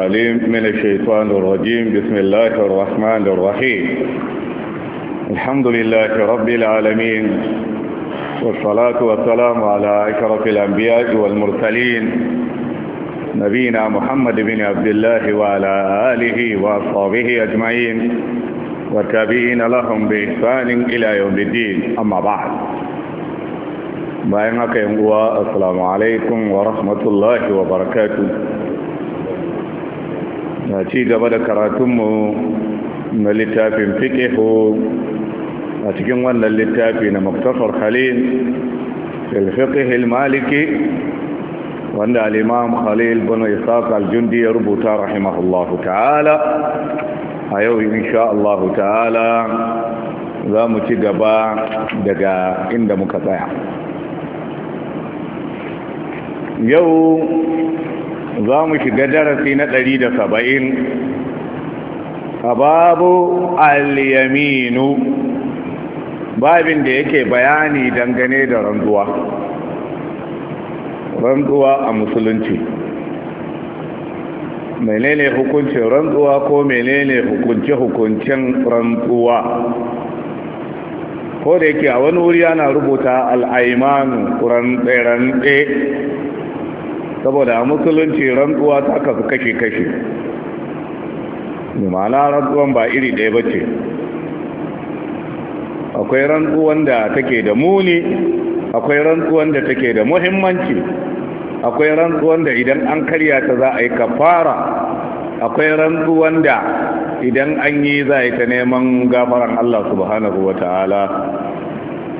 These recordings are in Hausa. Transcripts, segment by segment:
عليم من الشيطان الرجيم بسم الله الرحمن الرحيم الحمد لله رب العالمين والصلاة والسلام على أشرف الأنبياء والمرسلين نبينا محمد بن عبد الله وعلى آله وأصحابه أجمعين وتابعين لهم بإحسان إلى يوم الدين أما بعد بايعك يا السلام عليكم ورحمة الله وبركاته na ci gaba da karatunmu na littafin fiƙihu a cikin wannan littafi na maktafar khalil filfiƙihil maliki wanda al'imam khalil bin isaac aljundi ya rubuta rahimahullahu ta'ala a yau insha'allahu Allahu ta'ala za mu ci gaba daga inda muka tsaya yau za mu shiga darasi na ɗari da saba'in babu al babin da yake bayani dangane da randuwa. Randuwa a musulunci menene hukuncin randuwa, ko menene hukunce-hukuncen randuwa? ko da yake a wani wuri ana rubuta al'aimanu rantse-rantse saboda a musulunci rantsuwa ta kasu kashe-kashe ma'ana rantsuwan ba iri ɗaya ba ce akwai rantsuwan da take da muni akwai rantsuwan da take da muhimmanci akwai rantsuwan da idan an karya ta za a yi kafara akwai rantsuwan da idan an yi za a yi ta neman gafaran Allah subhanahu wa ta'ala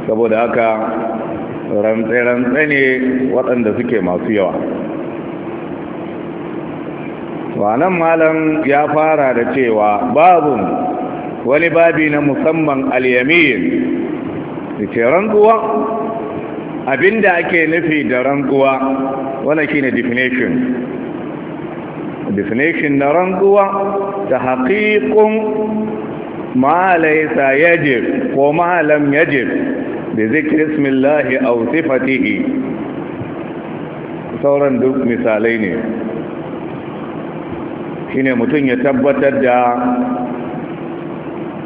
saboda haka rantse ne waɗanda suke masu yawa wannan malam ya fara da cewa babun wani babi na musamman al-yamin ce rantsuwa abinda ake nufi da rantsuwa wani shine definition definition na rantsuwa ta haƙiƙun ma laysa yajib ko ma lam yajib bi zikri ismillahi aw sifatihi sauran duk misalai ne shine mutum ya tabbatar da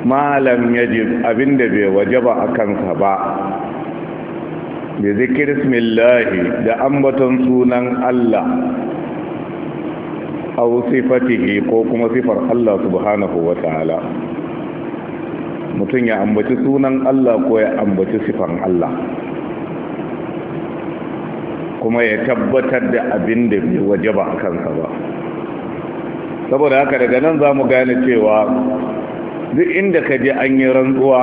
malam yajib abinda bai wajaba a kansa ba da zikir smillahi da ambaton sunan Allah au sifatihi ko kuma sifar Allah subhanahu wa ta'ala mutum ya ambaci sunan Allah ko ya ambaci sifan Allah kuma ya tabbatar da abin da bai wajaba a kansa ba saboda haka daga nan za mu gane cewa duk inda ka je an yi rantsuwa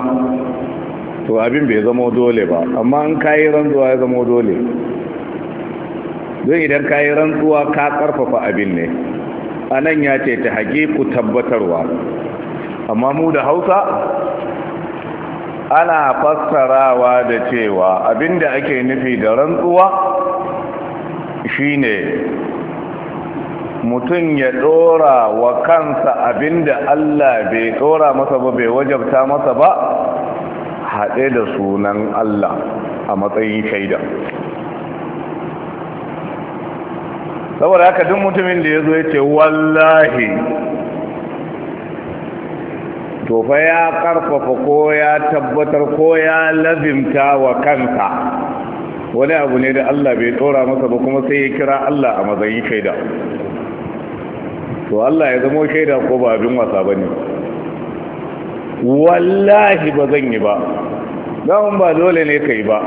to abin bai zama dole ba amma an ka yi rantsuwa ya zama dole don idan kayi rantsuwa ka karfafa abin ne a nan ya ce ta hage ku tabbatarwa amma mu da hausa ana fassarawa da cewa abinda ake nufi da rantsuwa shine mutum ya dora wa kansa abinda Allah bai dora masa ba bai wajabta masa ba haɗe da sunan Allah a matsayin shaida saboda haka duk mutumin da ya zo ya ce wallahi to fa ya karfafa ko ya tabbatar ko ya lazimta wa kansa wani abu ne da Allah bai tsora masa ba kuma sai ya kira Allah a matsayin shaida to Allah ya zama shaida ko ba abin wasa ba ne wallahi ba zan yi ba daman ba dole ne ka yi ba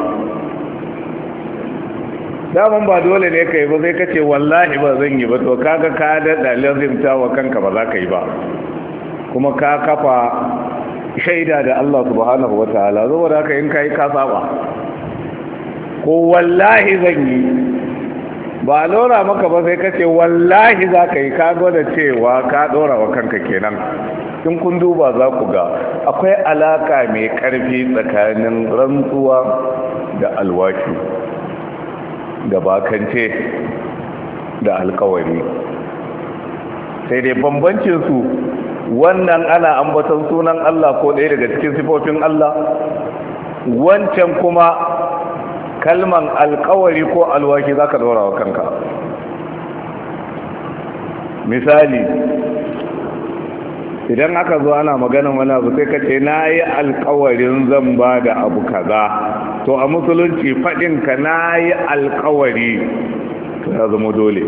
daman ba dole ne ka yi ba sai kace wallahi ba zan yi ba to kaga ka daɗa lazimta wa kanka ba za ka yi ba kuma ka kafa shaida da Allah subhanahu wa ta'ala da haka in ka yi ka saba ko wallahi zan yi ba a ɗora maka ba sai kace wallahi za ka yi ka gwada cewa ka ɗora wa kanka kenan in kun duba za ku ga akwai alaka mai ƙarfi tsakanin rantsuwa da alwaki da bakance da alkawari sai dai bambancinsu wannan ana ambaton sunan Allah ko ɗaya daga cikin sifofin Allah wancan kuma kalman alkawari ko alwaki za ka dora wa kanka misali idan aka zo ana maganin wani abu sai ka ce na yi alkawarin zan ba da abu kaza to a musulunci faɗinka na yi alkawari ta zama dole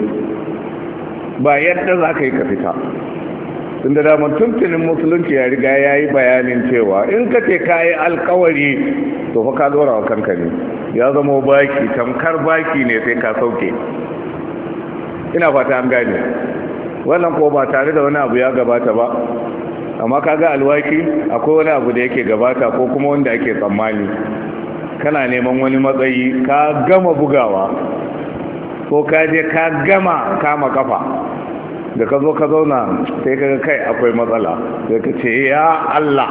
ba yadda za ka yi ka fita tun da damar tuntunin musulunci ya riga ya yi bayanin cewa in ka ce ka yi alkawari to fa ka dora wa kanka ne ya zama baki tamkar baki ne sai ka sauke ina fata an gane wannan ko ba tare da wani abu ya gabata ba amma ka ga alwaki akwai wani abu da yake gabata ko kuma wanda ake tsammani kana neman wani matsayi ka gama bugawa ko ka je ka gama kama kafa da ka zo ka zauna sai ka kai akwai matsala da ka ce ya Allah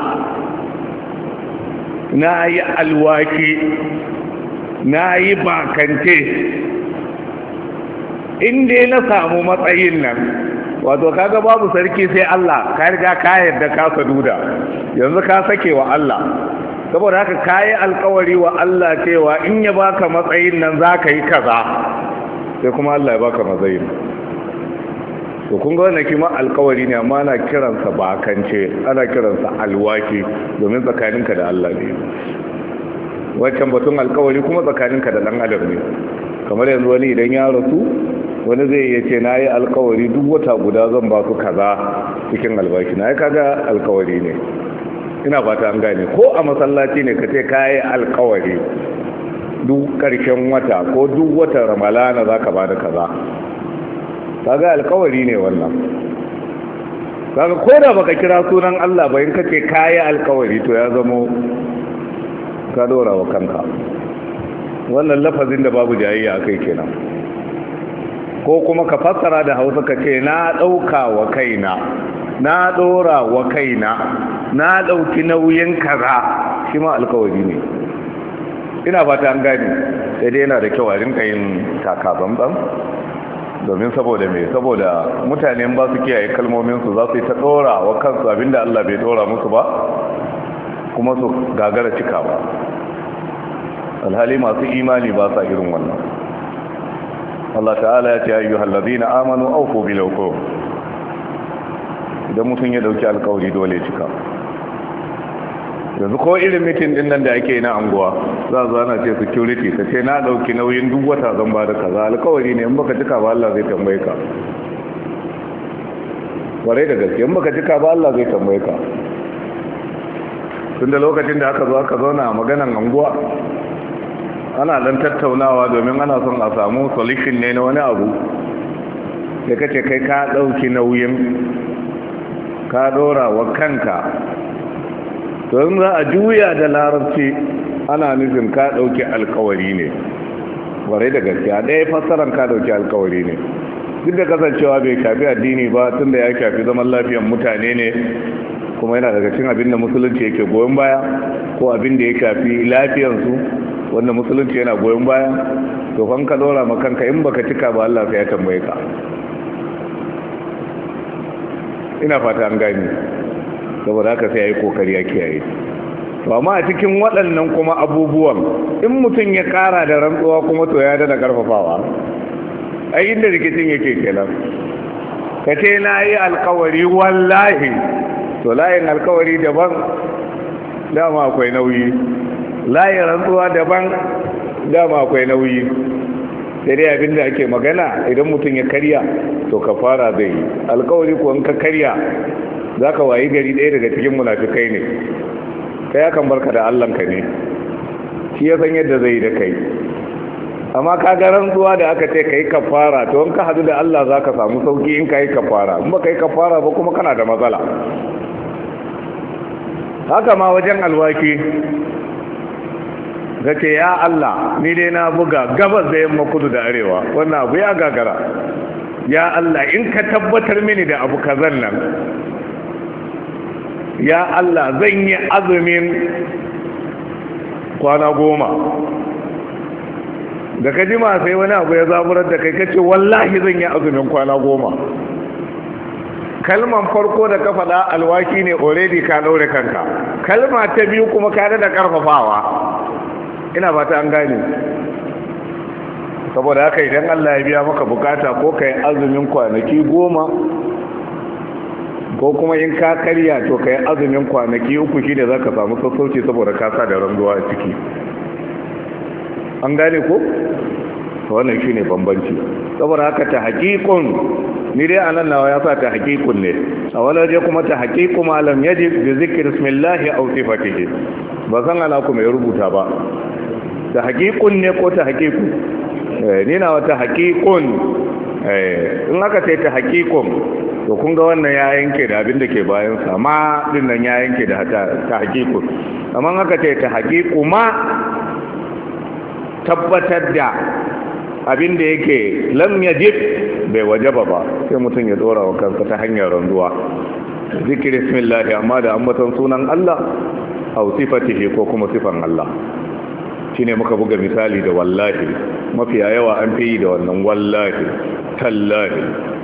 na yi alwaki na yi bakance inda na samu matsayin nan wato kaga babu sarki sai Allah ka riga ka yarda ka saduda yanzu ka sake wa Allah saboda haka kayi alkawari wa Allah cewa in ya baka matsayin nan za ka yi kaza sai kuma Allah ya baka matsayin to kun ga wannan kima alkawari ne amma ana kiransa bakance ana kiransa alwaki domin tsakaninka da Allah ne wancan batun alkawari kuma tsakaninka da dan adam ne kamar yanzu wani idan ya rasu wani zai iya ce na yi alkawari duk wata guda zan ba su kaza cikin albaki na ya kaga alkawari ne ina fata an gane ko a masallaci ne ka ce ka yi alkawari duk ƙarshen wata ko duk wata ramalana za ka ba da kaza kaga alkawari ne wannan kaga ko da baka kira sunan Allah ba in kace kayi alkawari to ya zama ka dora wa kanka wannan lafazin da babu jayayya akai kenan ko kuma ka fassara da Hausa kace na dauka wa kaina na dora wa kaina na dauki nauyin kaza shi ma alkawari ne ina fata an gani sai dai yana da kyau a rinka yin takabanban domin saboda mai saboda mutane ba su kiyaye kalmominsu za su yi ta dora wa kansu abinda Allah bai dora musu ba kuma su gagara cika ba alhali masu imani ba sa irin wannan Allah ta'ala ya ce ayyuhal ladina amanu awfu bil uqud idan mutum ya dauki alƙawari dole ya cika yanzu ko irin mitin din nan da ake yi na anguwa za a zana ce security ta ce na dauki nauyin duk wata zan ba da kaza alkawari ne in baka cika ba Allah zai tambaye ka ware da gaske in baka cika ba Allah zai tambaye ka tunda lokacin da aka zo aka zauna a maganan anguwa ana dan tattaunawa domin ana son a samu solution ne na wani abu da kace kai ka dauki nauyin ka dora wa kanka to in za a juya da larabci ana nufin ka ɗauki alkawari ne ware da gaskiya ɗaya fassaran ka ɗauki alkawari ne duk da kasancewa bai shafi addini ba tun da ya shafi zaman lafiyan mutane ne kuma yana daga cikin abin da musulunci yake goyon baya ko abin da ya shafi lafiyansu wanda musulunci yana goyon baya to kan ka dora ma kanka in baka cika ba Allah sai ya tambaye ka ina fata an gani saboda haka sai ya yi kokari ya kiyaye to amma a cikin waɗannan kuma abubuwan in mutum ya ƙara da rantsuwa kuma to ya dana ƙarfafawa a inda rikicin yake kenan ka ce na yi alkawari wallahi to layin alkawari daban dama akwai nauyi layin rantsuwa daban dama akwai nauyi sai dai abin da ake magana idan mutum ya karya to ka fara zai yi alkawari kuwa ka karya za ka wayi gari ɗaya daga cikin munafikai ne Ta akan barka da allanka ne shi ya san yadda zai yi da kai amma ka ga rantsuwa da aka ce ka yi kafara to in ka hadu da Allah za ka samu sauki in ka yi kafara in ba yi kafara ba kuma kana da matsala haka ma wajen alwaki ga ce ya Allah ni dai na buga gabas da yamma kudu da arewa wannan abu ya gagara ya Allah in ka tabbatar mini da abu kazan nan ya Allah zan yi azumin kwana goma da ka jima sai wani abu ya zaburar da kai kace wallahi zan yi azumin kwana goma kalman farko da ka faɗa alwaki ne already ka daure kanka kalma ta biyu kuma ka da karfafawa ina ta an gane saboda haka idan Allah ya biya maka bukata ko kai azumin kwanaki goma ko kuma in ka karya to kai azumin kwanaki uku shine zaka za ka samu sassauci saboda sa da ranzuwa a ciki an gane ko wannan shi ne bambanci saboda haka ta hakikun ni dai anan nawa ya sa ta hakikun ne a wani waje kuma ta hakiku malam yaji bi zikr bismillah aw sifatihi ba san ala kuma ya rubuta ba ta hakikun ne ko ta hakiku eh, ni na haqiqun hakikun eh, in aka ce ta hakikun to kun ga wannan ya yanke da abin da ke bayan sa ma din nan ya yanke da ta hakiku amma haka ce ta hakiku ma tabbatar da abin da yake lam yajib bai wajaba ba sai mutum ya dora wa kansa ta hanyar ranzuwa zikirin bismillah amma da ambaton sunan Allah au sifatihi ko kuma sifan Allah shine muka buga misali da wallahi mafiya yawa an fi yi da wannan wallahi tallahi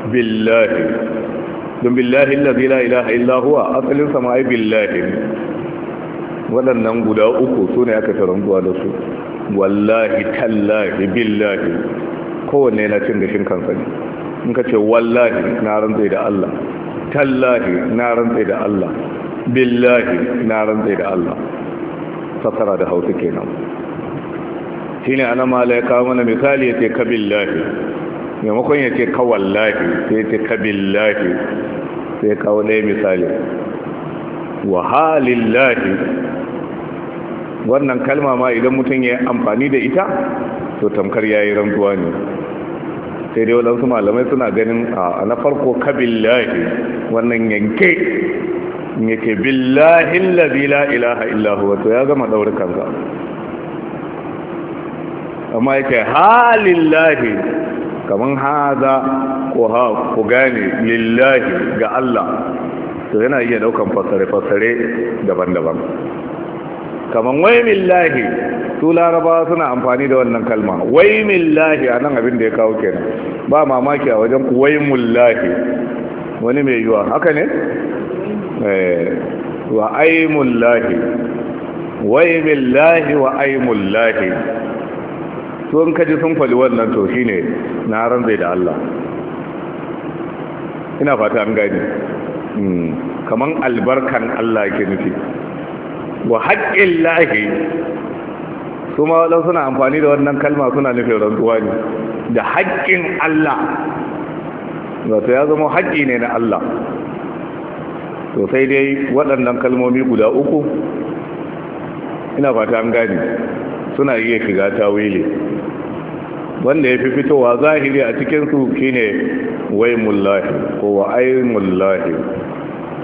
billahi don billahi la ilaha asalin sama billahi waɗannan guda uku su ne aka taron zuwa da su wallahi tallahi billahi kowanne na cin gashin kansa ne in ka ce wallahi na rantsai da Allah tallahi na rantsai da Allah billahi na rantsai da Allah fasara da hausa kenan shine ana mala ya kawo mana misali ya ce ka billahi maimakon ya ce lafi sai ce lafi sai kawo ɗaya misali wahalillahi wannan kalma ma idan mutum ya amfani da ita to tamkar ya yi rantuwa ne sai dai waɗansu malamai suna ganin a na farko kabil lafi wannan yanke yake billahi lazi la ilaha illahu wato ya gama ɗaure ga amma yake halillahi kaman haza ko ha ku gane lillahi ga Allah to yana iya daukan fasare-fasare daban-daban kaman wai lillahi su laraba suna amfani da wannan kalma wai lillahi a nan abin da ya kawo kenan ba mamaki a wajen ku wai mullahi wani mai yiwa haka ne? Eh, wa aimullahi wai millahi wa aimullahi to in kaji sun fali wannan to ne na ran zai da Allah ina fata an gani hmm. kaman albarkan Allah ke nufi wa haƙƙin lahi su ma suna amfani da wannan kalma suna nufin rantsuwa ne da haƙƙin Allah zata ya zama haƙƙi ne na Allah to sai dai waɗannan kalmomi guda uku ina fata an gani suna iya shiga tawili wanda ya fi fitowa zahiri a cikinsu ne wai mullahi ko wa ainihin lahi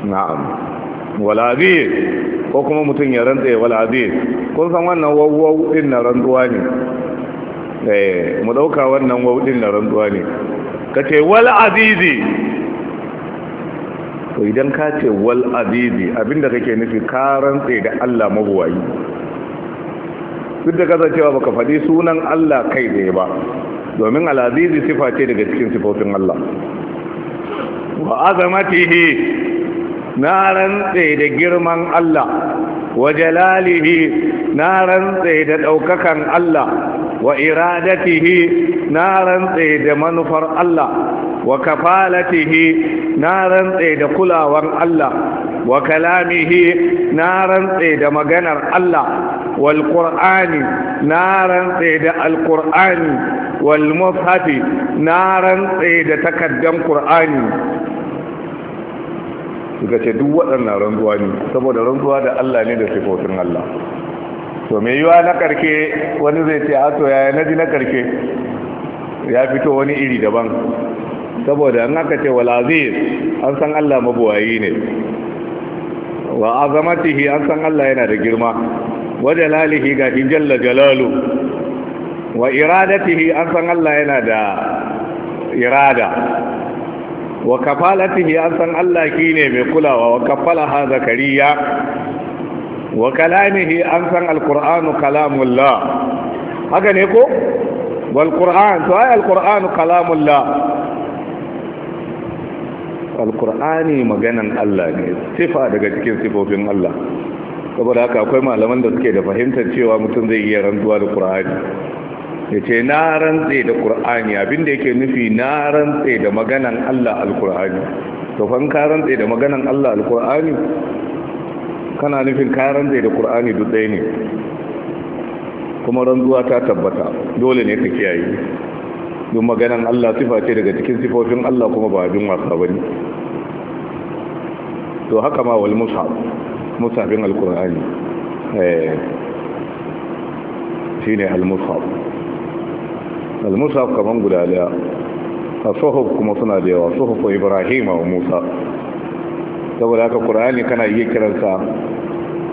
na'am walabiyar ko kuma mutum ya rantse walabiyar kun san wannan wawwau na rantsuwa ne eh mu dauka wannan wau na rantsuwa ne Ka ce wal'azizi to idan ka ce wal'azizi abinda kake nufi ka rantse da Allah mabuwayi duk da kasancewa baka faɗi sunan Allah kai tsaye ba domin alazizi sifa ce daga cikin sifofin Allah wa azamatihi na rantse da girman Allah wa jalalihi na rantse da ɗaukakan Allah wa iradatihi na rantse da manufar Allah wa kafalatihi na rantse da kulawar Allah wa kalamihi na rantse da maganar Allah والقرآن نارا na rantse da نارا qur'ani تقدم قرآن na rantse da ce duk waɗannan rantsuwa ne saboda rantsuwa da Allah ne da sifofin Allah to me yiwa na karke wani zai ce ato yaya naji na karke ya fito wani iri daban saboda an aka ce wa lazir an san Allah mabuwayi ne wa azamatihi an san Allah yana da girma wa jalalihi ga shi jalla jalalu an san Allah yana da irada wa kafalatihi an san Allah shine mai kulawa wa kafala ha zakariya wa kalamihi an san alqur'anu kalamullah haka ne ko wal qur'an to maganan Allah ne sifa daga cikin sifofin Allah saboda haka akwai malaman da suke da fahimtar cewa mutum zai iya rantsuwa da qur'ani ya ce na rantse da qur'ani abinda yake nufi na rantse da maganan Allah alqur'ani to kan ka rantse da maganan Allah alqur'ani kana nufin ka rantse da qur'ani duk ɗaya ne kuma rantsuwa ta tabbata dole ne ka kiyaye don maganan Allah sifa ce daga cikin sifofin Allah kuma ba abin wasa bane to haka ma wal mushaf musafin alkur'ani shi ne al almusaf kaman guda daya a sohof kuma suna da yawa sohof ibrahim a musa saboda haka kur'ani kana iya kiransa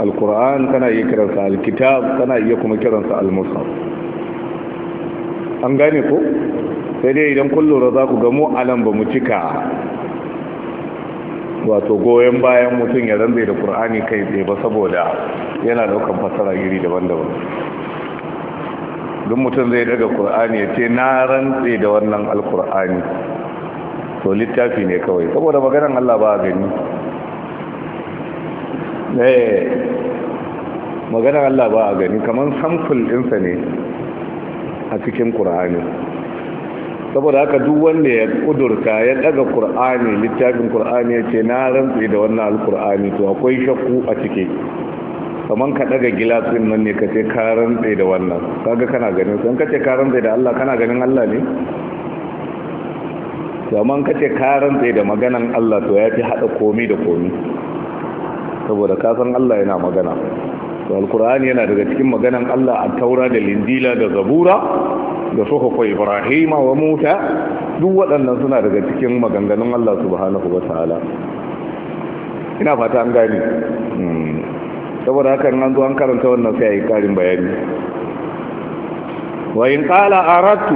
al alkur'an kana iya kiransa al-kitab, kana iya kuma kiransa al almusaf an gane ku? sai dai idan kullum za ku gamo alam ba mu cika wato goyon bayan mutum ya ranzai da ƙur'ani kai tsaye ba saboda yana daukan fasara iri daban-daban duk mutum zai daga ƙur'ani ya ce na rantse da wannan alƙur'ani to littafi ne kawai saboda maganan Allah ba gani eh maganar Allah ba gani kamar samful ɗinsa ne a cikin ƙur'ani saboda haka duk wanda ya kudurta ya daga qur'ani littafin qur'ani ya ce na rantsi da wannan alqur'ani to akwai shakku a ciki kaman ka daga gilasin nan ne ka ce ka rantsi da wannan kaga kana ganin san ka ce ka rantsi da Allah kana ganin Allah ne kaman ka ce ka rantsi da maganan Allah to ya fi hada komi da komi saboda ka san Allah yana magana to alqur'ani yana daga cikin maganan Allah a taura da linjila da zabura da suhufu ibrahim wa musa duk waɗannan suna daga cikin maganganun Allah subhanahu wa ta'ala ina fata an gani hmm. saboda haka nan zo an karanta wannan sai ayi karin bayani wa in qala aratu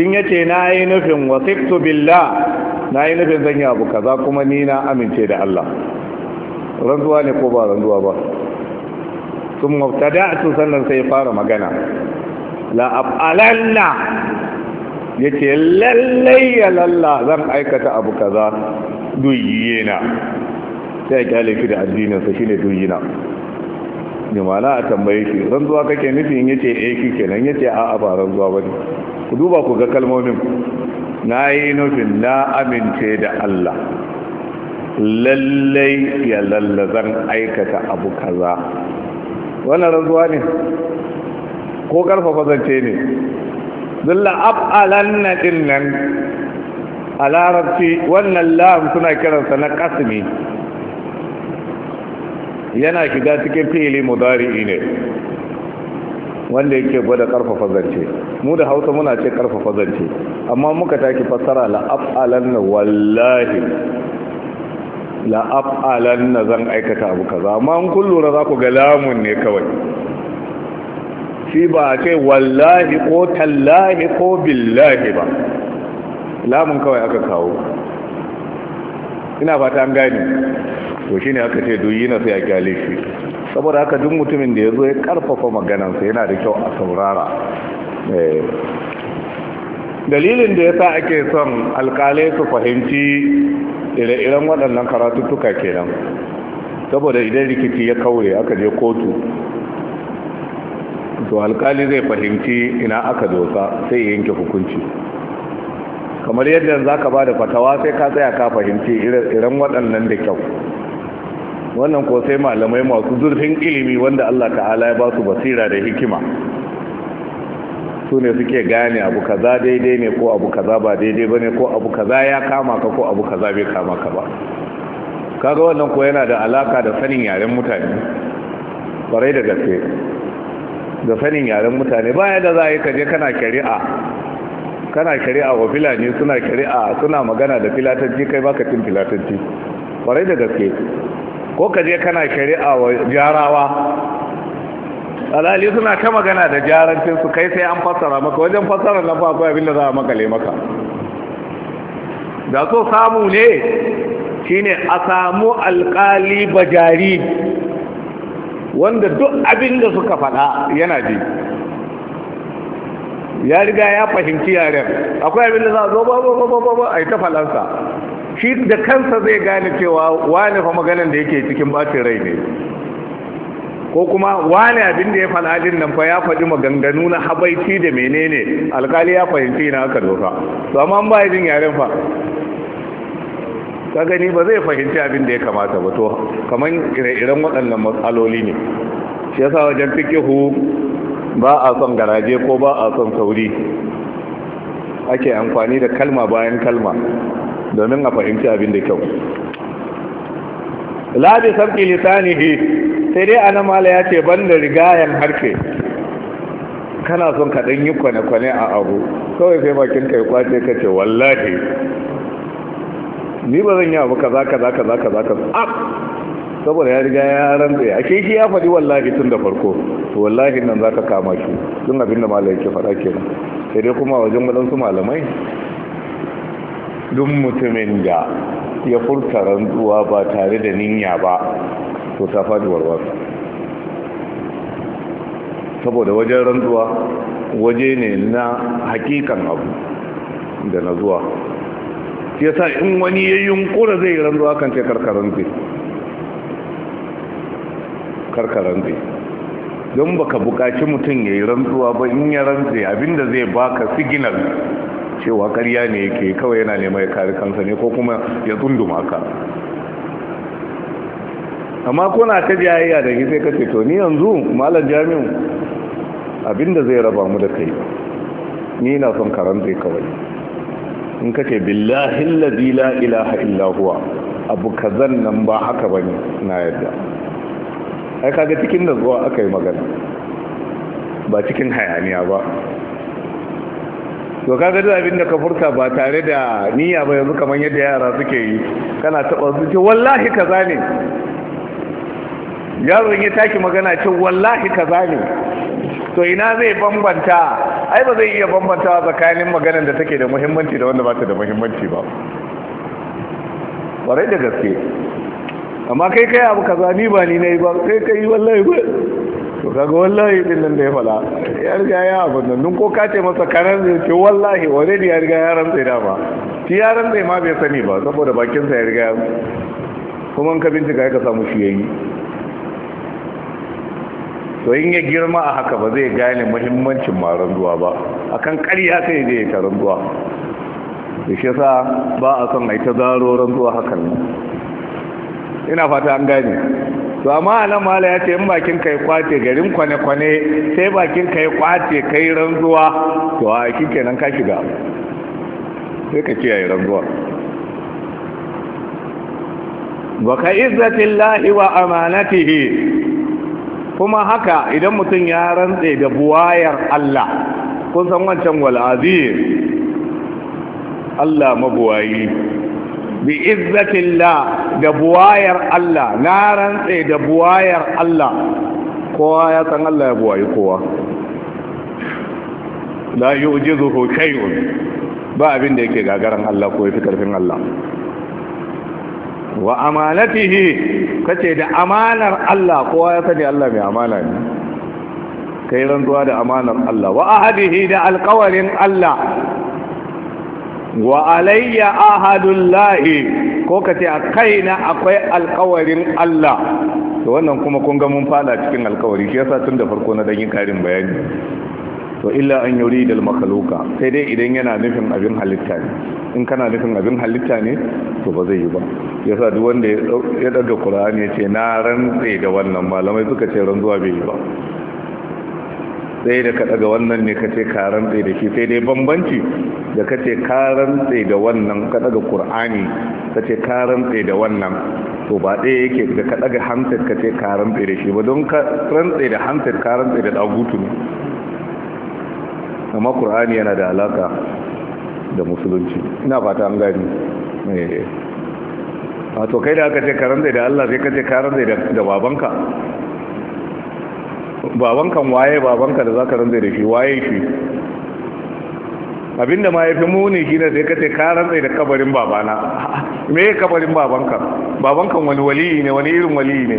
in yace na yi nufin wasiftu billah na yi nufin zan yi abu kaza kuma ni na amince da Allah ranzuwa ne ko ba ranzuwa ba sun mabtada'tu sannan sai fara magana la'af'alanna ya ce lallai ya lalla zan aikata abu kaza duyyena sai ya kyale da addininsa shi ne duyyena jimala a tambaye shi ranzuwa kake nufin ya ce eh shi kenan ya ce a'a ba ranzuwa ba ne ku duba ku ga kalmomin na yi nufin na amince da Allah lallai ya lalla zan aikata abu kaza Wani ranzuwa ne ko karfafa zance ne zalla na din nan a larabci wannan lam suna kiransa na kasmi yana shiga cikin fili mudari'i ne wanda yake gwada karfafa zance mu da hausa muna ce karfafa zance amma muka taki fassara na wallahi na zan aikata abu kaza amma kun lura za ku ga lamun ne kawai shi ba a ce wallahi ko tallahi ko billahi ba lamun kawai aka kawo ina fata an gani to shine aka ce duk na sai a kyale shi saboda haka duk mutumin da ya zo ya karfafa maganansa yana da kyau a saurara eh. dalilin da ya sa ake son alkalai su fahimci ire-iren waɗannan karatuttuka kenan saboda idan rikici ya kaure aka je kotu to alkali zai fahimci ina aka dosa sai yanke hukunci kamar yadda za ka ba da fatawa sai ka tsaya ka fahimci irin waɗannan da kyau wannan ko sai malamai masu zurfin ilimi wanda Allah ta'ala ya ba su basira da hikima su ne suke gane abu kaza daidai ne ko abu kaza ba daidai ba ne ko abu kaza ya kama ka ko abu kaza bai kama ka ba kaga wannan ko yana da alaka da sanin yaren mutane kwarai da gaske da sanin yaren mutane baya da za a yi kaje kana kari'a, kana kari'a wa filani suna kari'a suna magana da filatanci kai baka cin filatanci kwarai da gaske ko kaje kana kari'a wa jarawa alali suna ta magana da jarancinsu kai sai an fassara maka wajen fassara na fa akwai abin da za a makale maka da so samu ne shine a samu alkali bajari wanda duk abin da suka faɗa yana ji ya riga ya fahimci yaren akwai abin da za a zo ba ba ba ba a yi ta falansa shi da kansa zai gane cewa wane fa maganan da yake cikin bacin rai ne ko kuma wane abin da ya faɗaɗin nan fa ya faɗi maganganu na habaici da menene alkali ya fahimci na aka doka to amma ba jin yaren fa ka gani ba zai fahimci abin da ya kamata ba to kamar ire-iren waɗannan matsaloli ne shi yasa wajen fikihu ba a son garaje ko ba a son sauri ake amfani da kalma bayan kalma domin a fahimci abin da kyau labi sabki lisanihi sai dai ana mala ya ce ban da rigayen harfe kana son kaɗan yi kwane-kwane a abu kawai sai bakin kai kwace ka ce wallahi ni ba zan yi abu kaza kaza kaza kaza kaza saboda ya riga ya rantsa ya shi ya faɗi wallahi tun da farko to wallahi nan zaka kama shi tun abin da malai faɗa nan sai dai kuma wajen waɗansu malamai duk mutumin da ya furta rantsuwa ba tare da niyya ba to ta faɗi warwarsa saboda wajen rantsuwa waje ne na hakikan abu da na zuwa Ya sa in wani ya yunkura zai rantsuwa kan ce karkarantse karkarantse don baka bukaci mutum ya yi rantsuwa ba in ya rantse abinda zai baka siginal cewa karya ne yake kawai yana nema ya kari kansa ne ko kuma ya tsundu ka amma kuna ta jayayya da shi sai ka ce to ni yanzu malam jami'u abinda zai raba mu da kai ni na son karanta kawai in ka ce billahi lazi la ilaha illahuwa abu kazan nan ba haka bane na yadda ai kaga cikin da zuwa aka yi magana ba cikin hayaniya ba to kaga duk abin da ka furta ba tare da niyya ba yanzu kamar yadda yara suke yi kana taɓa su ce wallahi kaza ne yaron ya taki magana ce wallahi kaza ne to ina zai bambanta ai ba zai iya bambanta tsakanin maganar da take da muhimmanci da wanda ba ta da muhimmanci ba ƙwarai da gaske amma kai kai abu kaza ni ba ni na yi ba kai kai wallahi ba to kaga wallahi ɗin nan da ya fala ya riga ya abun nan ko kace masa karan zai ce wallahi ne ya riga ya rantsa da ba shi ya rantsa ma bai sani ba saboda bakin ya riga kuma in ka bincika ka samu shi ya yi. to in ya girma a haka ba zai gane muhimmancin maran ruwa ba A kan karya sai zai yi taron ruwa da shi sa ba a son a ta zaro ran ruwa hakan ne ina fata an gane to amma anan mala ya ce in bakin kai kwace garin kwane-kwane sai bakin kai kwace kai ranzuwa to a shi kenan ka shiga sai ka kiyaye ranzuwa wa ka izzatin lahi wa amanatihi kuma haka idan mutum ya rantse da buwayar Allah kun san wancan wal azim Allah mabuwayi bi izzatillah da buwayar Allah na rantse da buwayar Allah kowa ya san Allah ya buwayi kowa la yu'jizuhu shay'un ba abin da yake gagaran Allah ko yafi karfin Allah wa amanatihi kace da amanar Allah kowa ya sani Allah mai amana ne kai rantsuwa da amanar Allah wa ahadihi da alƙawarin Allah wa alayya ahadullahi ko kace a kaina akwai alƙawarin Allah to wannan kuma kun ga mun fada cikin alƙawari shi yasa tun da farko na dan yin karin bayani to illa an yuri dal makaluka sai dai idan yana nufin abin halitta ne in kana nufin abin halitta ne to ba zai yi ba ya sa duk wanda ya daga Qur'ani ya ce na rantse da wannan malamai suka ce rantsuwa bai yi ba sai da ka daga wannan ne ka ce ka rantsa da shi sai dai bambanci da ka ce ka rantsa da wannan ka daga Qur'ani ka ce ka rantsa da wannan to ba ɗaya yake da ka daga hamsar ka ce ka rantsa da shi ba don ka rantse da hamsar ka rantsa da dagutu ne amma ƙur'ani yana da alaka da musulunci ina fata an gani eh. a to kai da aka ce karan da Allah sai ka ce karan da babanka babankan waye babanka da za ka ranzai da shi waye shi abinda ma ya fi muni shi sai ka ce ka da kabarin babana me ya kabarin babanka babankan wani waliyi ne wani irin waliyi ne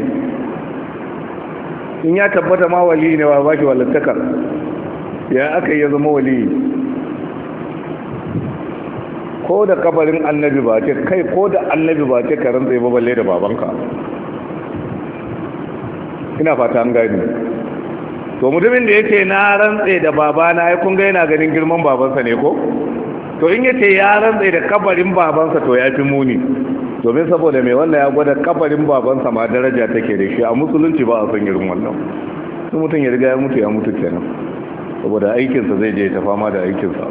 in ya tabbata ma waliyi ne ba ba shi wallantakar ya aka ya zama wali ko da kabarin annabi ba ce kai ko da annabi ba ce karin zai baballe da babanka ina fata an gani to mutumin da yake na rantse da babana ya kunga yana ganin girman babansa ne ko to in yace ya rantse da kabarin babansa to ya fi muni domin saboda mai wannan ya gwada kabarin babansa ma daraja take da shi a musulunci ba a son girman wannan mutum ya riga ya mutu ya mutu kenan saboda aikinsa zai je ta fama da aikinsa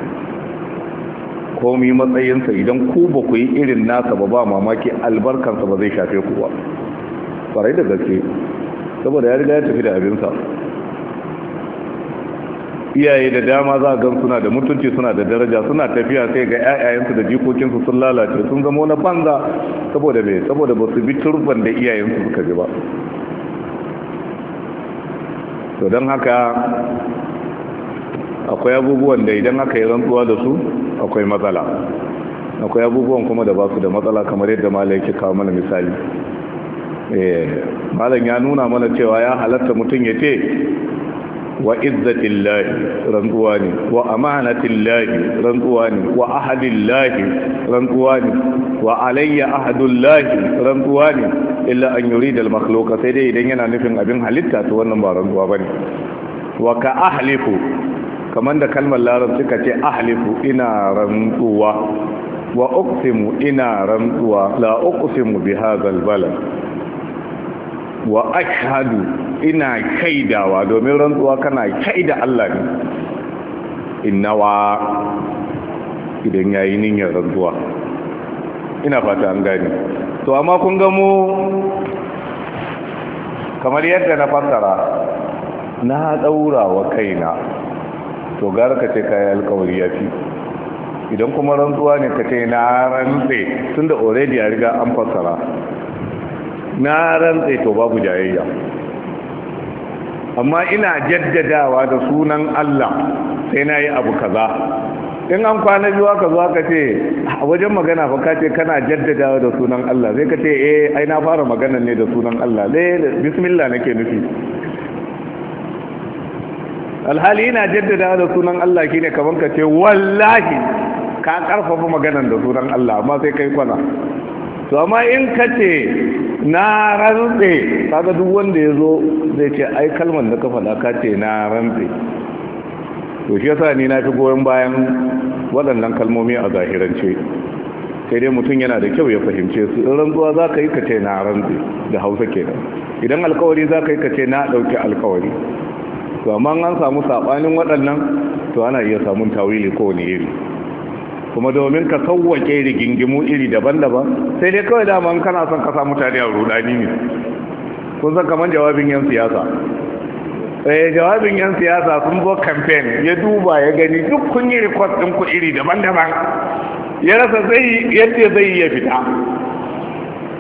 komi matsayinsa idan ku ba ku yi irin nasa ba ba mamaki albarkansa ba zai shafe ku ba farai da gaske saboda ya riga ya tafi da abinsa iyaye da dama za a gan suna da mutunci suna da daraja suna tafiya sai ga 'ya'yayensu da jikokinsu sun lalace sun zama wani banza saboda mai saboda ba su bi turban da iyayensu suka ji ba to don haka akwai abubuwan da idan aka yi rantsuwa da su akwai matsala akwai abubuwan kuma da ba su da matsala kamar yadda malam yake kawo mana misali eh, malam ya nuna mana cewa ya halatta mutum ya ce wa izzatillahi rantsuwa ne wa amanatillahi rantsuwa ne wa ahadillahi rantsuwa ne wa alayya ahadullahi rantsuwa ne illa an yurida al-makhluqa sai dai idan yana nufin abin halitta to wannan ba rantsuwa bane wa ka ahlifu kamar da kalmar larabci suka ce ahalifu, ina rantsuwa wa uqsimu ina rantsuwa la uqsimu bi hadzal balad wa ashhadu ina kaidawa domin rantsuwa kana kaida Allah ne innawa idan yayi niyyar rantsuwa ina fata an gane to amma kun ga mu kamar yadda na fassara na daura wa kaina to gara ka ce ka yi alkawari ya fi idan kuma rantsuwa ne ka ce na rantse tun da already ya riga an fassara na rantse to babu jayayya amma ina jaddadawa da sunan Allah sai na yi abu kaza in an kwana biyu aka zo aka ce a wajen magana fa kace kana jaddadawa da sunan Allah sai ka ce eh ai na fara magana ne da sunan Allah dai bismillah nake nufi alhali yana jaddada da sunan Allah shine kaman ka ce wallahi ka karfafa maganan da sunan Allah amma sai kai kwana to amma in ka ce na rantse kaga duk wanda ya zo zai ce ai kalmar da ka faɗa ka ce na rantse to shi yasa ni na fi goyon bayan waɗannan kalmomi a zahirance sai dai mutum yana da kyau ya fahimce su in rantsuwa za ka yi ka ce na rantse da hausa kenan idan alkawari za ka yi ka ce na ɗauki alkawari to amma an samu sabanin waɗannan to ana iya samun tawili ko wani iri kuma domin ka sauwake rigingimu iri daban-daban sai dai kawai dama kana son ka samu tare a rudani ne kun san kamar jawabin yan siyasa eh jawabin yan siyasa sun zo campaign ya duba ya gani duk kun yi request din ku iri daban-daban ya rasa zai yadda zai ya fita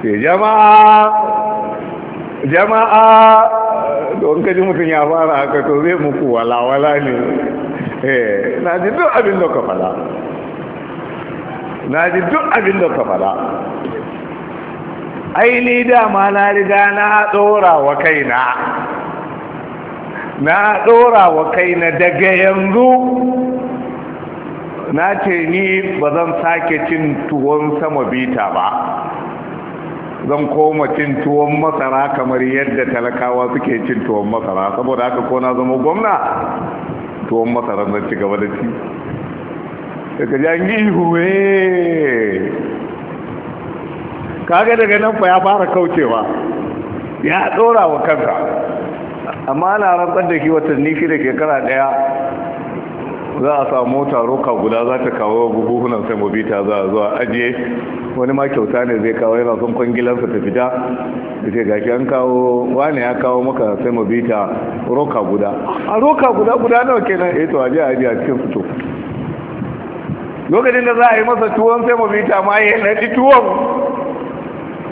sai jama'a jama'a to in kaji mutum ya fara haka to zai muku walawala ne eh, na ji duk abin da ka fada na ji duk abin da ka fada aini dama na riga na tsora wa kaina na tsora wa kaina daga yanzu na ce ni ba zan sake cin tuwon sama bita ba zan koma cin tuwon masara kamar yadda talakawa suke cin tuwon masara saboda haka ko na zama gwamna tuwon masara zan ci gaba da ci daga jangi huwe eh. kaga daga nan fa ya fara kaucewa ya tsora wa kanka amma ana rantsar da ke watanni da shekara daya za a samu mota roka guda za ta kawo buhunan sai mobita za a zuwa ajiye wani ma kyauta ne zai kawo yana son kwangilarsa ta fita da ce gashi an kawo wane ya kawo maka sai mu bi ta roka guda a roka guda guda nawa kenan eh to aje aje a cikin fito lokacin da za a yi masa tuwon sai mu bi ta ma ya nadi tuwon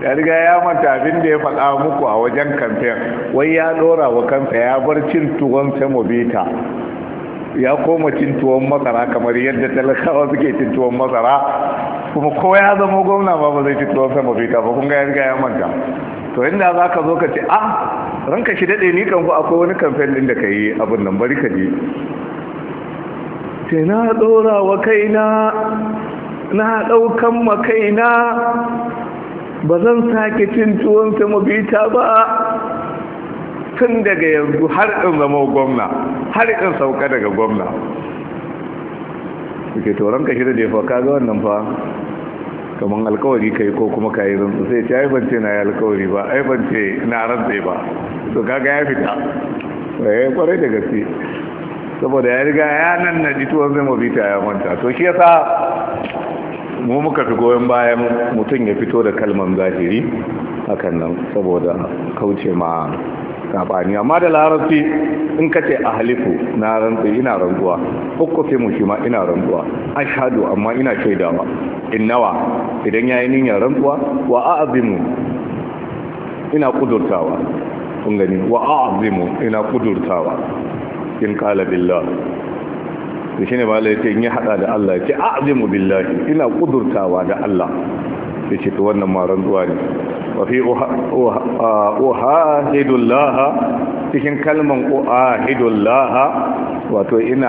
ya riga ya manta abin da ya faɗa muku a wajen kamfen wai ya ɗora wa kansa ya bar cin tuwon sai mu bi ta ya koma cin tuwon masara kamar yadda talakawa suke cin tuwon masara kuma ko ya zama gwamna ba ba zai ci tuwon sama fita ba kun gaya ya manta to inda za ka zo ka ce a ah, ranka shi daɗe ni kanku akwai wani kamfen ɗin da ka yi abin nan bari ka je ce na ɗora wa kaina na ɗaukan ma kaina ba zan sake cin tuwon sama bita ba tun daga yanzu har in zama gwamna har in sauka daga gwamna suke toron ka shirya da ka ga wannan fa kamar alkawari ka yi ko kuma ka yi rantsu sai ce aibance na yi alkawari ba aibance na rantse ba to kaga ya fita ya eh, kwarai da gaske saboda ya riga ya nan na ji tuwon zai mabita ya manta to shi yasa mu muka fi goyon bayan mutum ya fito da kalman zahiri hakan nan saboda kauce ma sabani amma da larabci in ka ce ahlifu na rantsu ina rantsuwa uqsimu shi ma ina rantsuwa ashhadu amma ina shaidawa innawa idan yayi niyyar rantsuwa wa a'zimu ina kudurtawa kun gani wa a'zimu ina kudurtawa in qala billah to shine ba lai in ya hada da Allah ya ce a'zimu billahi ina kudurtawa da Allah sai ce to wannan maran zuwa ne wa fi uhadullah cikin kalman uhadullah wato ina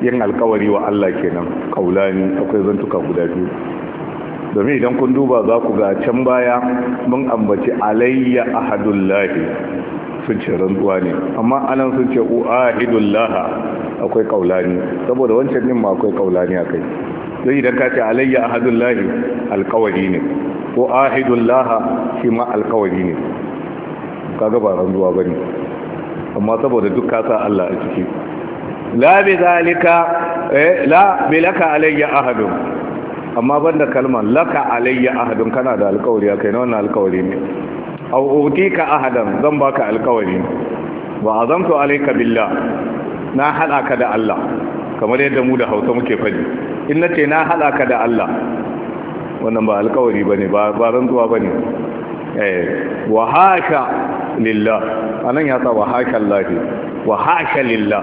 yin alkawari wa Allah kenan kaulani akwai zantuka guda biyu domin idan kun duba za ku ga can baya mun ambaci alayya ahadullah sun ce rantsuwa ne amma anan sun ce uhadullah akwai kaulani saboda wancan din ma akwai kaulani akai don idan ka ce alayya ahadullahi alkawari ne ko ahidullaha shi ma alkawari ne kaga ba ranzuwa bane amma saboda duk ka sa Allah a ciki la bi zalika eh la bi laka alayya ahadun amma banda kalmar laka alayya ahadun kana da alkawari kai na wannan alkawari ne aw utika ahadan zan baka alkawari wa azamtu alayka billah na hada ka da Allah kamar yadda mu da Hausa muke faɗi in na ce na haɗa ka da Allah wannan ba alkawari ba ne ba rantsuwa ba ne eh, wa haka lillah a nan ya sa wa haka lafi wa haka lillah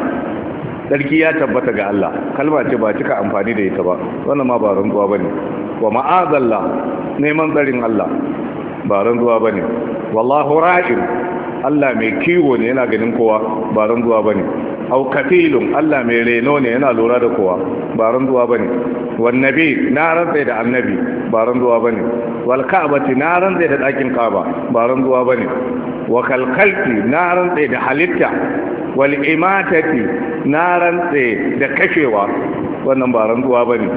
sarki ya tabbata ga Allah kalma ce ba cika amfani da ita ba wannan ma ba rantsuwa ba ne wa ma'azalla neman tsarin Allah ba rantsuwa ba ne wallahu ra'in Allah mai kiwo ne yana ganin kowa ba rantsuwa ba ne au kafilun Allah mai reno ne yana lura da kowa ba zuwa bane wan nabi na rantse da annabi ba zuwa bane wal ka'bati na rantse da dakin ka'aba ba zuwa bane wa kalkalti na rantse da halitta wal imatati na rantse da kashewa wannan ba ranzuwa bane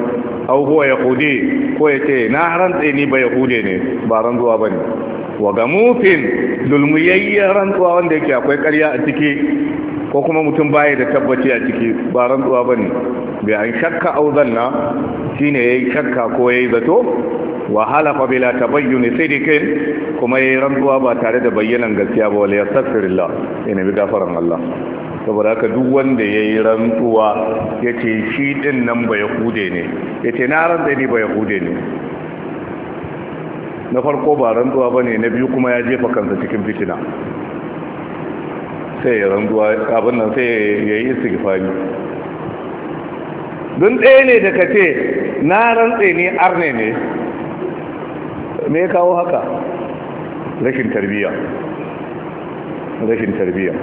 au huwa yahudi ko yace na rantse ni ba yahude ne ba ranzuwa bane wa gamufin dulmuyayyen rantsuwa wanda yake akwai ƙarya a ciki ko kuma mutum baya da tabbaci a ciki ba rantsuwa ba ne bi an shakka na? shi ne ya yi shakka ko ya yi zato wa halafa bila tabayyun sidikin kuma ya yi rantsuwa ba tare da bayyanan gaskiya ba wala yastaghfirullah ina bi gafaran Allah saboda haka duk wanda ya yi rantsuwa ya ce shi din nan ba yahude ne ya ce na rantsa ni ba yahude ne na farko ba rantsuwa ba ne na biyu kuma ya jefa kansa cikin fitina sai ya randuwa abin nan sai ya yi istighfari don ɗaya ne da ka ce na rantse ne arne ne me ya kawo haka rashin tarbiyya rashin tarbiyya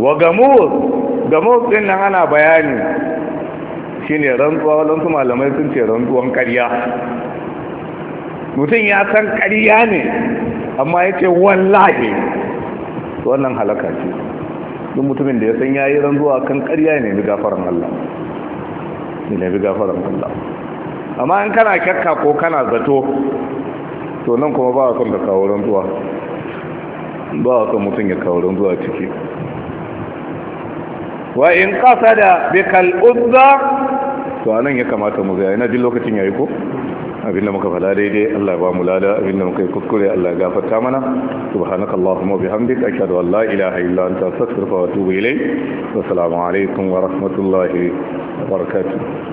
wa gamus gamus ɗin nan ana bayani shine rantsuwa wadansu malamai sun ce rantsuwan ƙarya mutum ya san ƙarya ne amma ya ce wallahi wannan halaka ce duk mutumin da ya san yayi ranzuwa kan ƙarya ne bi gafaran Allah ne bi gafaran Allah amma in kana kyakka ko kana zato to nan kuma ba son da kawo ranzuwa ba son mutum ya kawo ranzuwa ciki wa in qasada bikal uzza to anan ya kamata mu ga ina jin lokacin yayi ko abinda muka fada daidai Allah ba mu lada abinda muka yi kuskure Allah ya gafarta mana subhanakallahumma bihamdika ashhadu an la ilaha illa anta astaghfiruka wa atubu ilayk wa assalamu alaikum wa rahmatullahi wa barakatuh